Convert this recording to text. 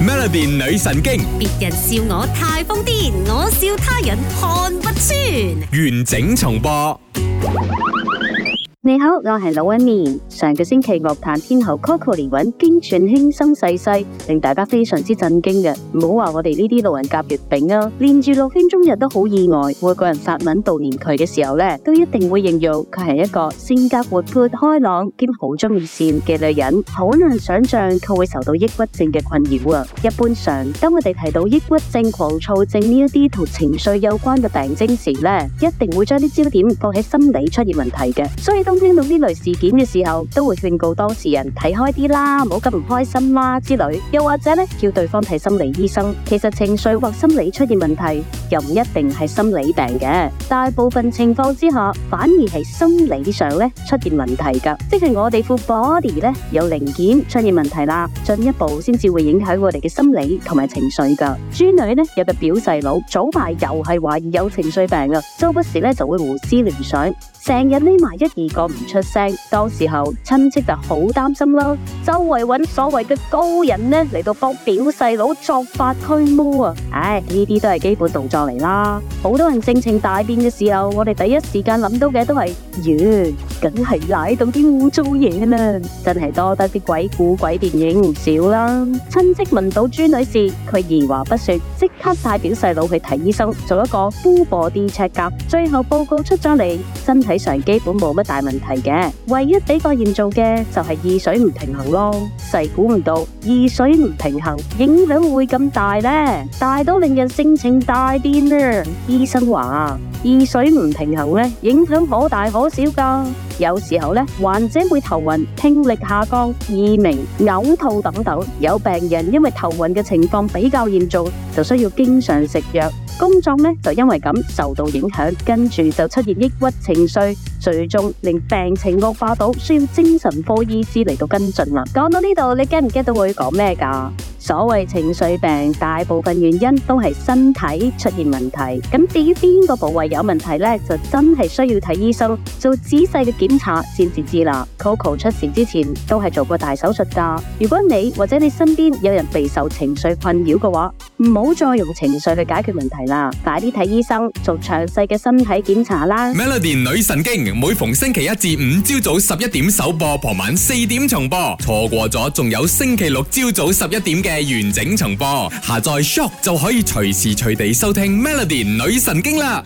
Melody 女神經，別人笑我太瘋癲，我笑他人看不穿。完整重播。.你好，我係龍紋敏。上個星期樂壇天后 Coco 李玟驚傳輕生逝世，令大家非常之震驚嘅。唔好話我哋呢啲路人甲乙丙啊，連住樂壇中人都好意外。每個人發文悼念佢嘅時候呢，都一定會形容佢係一個性格活潑開朗兼好中意善嘅女人。好難想象佢會受到抑鬱症嘅困擾啊。一般上，當我哋提到抑鬱症、狂躁症呢一啲同情緒有關嘅病徵時呢，一定會將啲焦點放喺心理出現問題嘅。所以當聽到呢類事件嘅時候，都會勸告當事人睇開啲啦，唔好咁唔開心啦之類。又或者咧，叫對方睇心理醫生。其實情緒或心理出現問題，又唔一定係心理病嘅。大部分情況之下，反而係生理上咧出現問題噶，即係我哋副 body 咧有零件出現問題啦，進一步先至會影響我哋嘅心理同埋情緒噶。豬女咧有個表細佬，早排又係懷疑有情緒病噶，周不時咧就會胡思亂想，成日匿埋一二個。我唔出聲，到時候親戚就好擔心啦。周圍揾所謂嘅高人咧嚟到幫表細佬作法驅魔啊！唉，呢啲都係基本動作嚟啦。好多人性情大變嘅時候，我哋第一時間諗到嘅都係，咦，梗係賴到啲污糟嘢啦！真係多得啲鬼古鬼電影唔少啦。親戚問到朱女士，佢二話不說，即刻帶表細佬去睇醫生，做一個腹部電察甲，最後報告出咗嚟，身體上基本冇乜大問題。問題嘅唯一比較嚴重嘅就係耳水唔平衡咯，細估唔到耳水唔平衡影響會咁大呢？大到令人性情大變呢？醫生話耳水唔平衡呢，影響可大可小㗎，有時候呢，患者會頭暈、聽力下降、耳鳴、嘔、呃、吐等等。有病人因為頭暈嘅情況比較嚴重，就需要經常食藥。工作呢，就因為咁受到影響，跟住就出現抑鬱情緒，最終令病情惡化到需要精神科醫師嚟到跟進啦。講到呢度，你驚唔驚到會講咩噶？所謂情緒病，大部分原因都係身體出現問題。咁至於邊個部位有問題呢？就真係需要睇醫生做仔細嘅檢查先至知啦。Coco 出事之前都係做過大手術噶。如果你或者你身邊有人備受情緒困擾嘅話，唔好再用情緒去解決問題啦，快啲睇醫生，做詳細嘅身體檢查啦。Melody 女神經每逢星期一至五朝早十一點首播，傍晚四點重播，錯過咗仲有星期六朝早十一點嘅完整重播。下載 Shop 就可以隨時隨地收聽 Melody 女神經啦。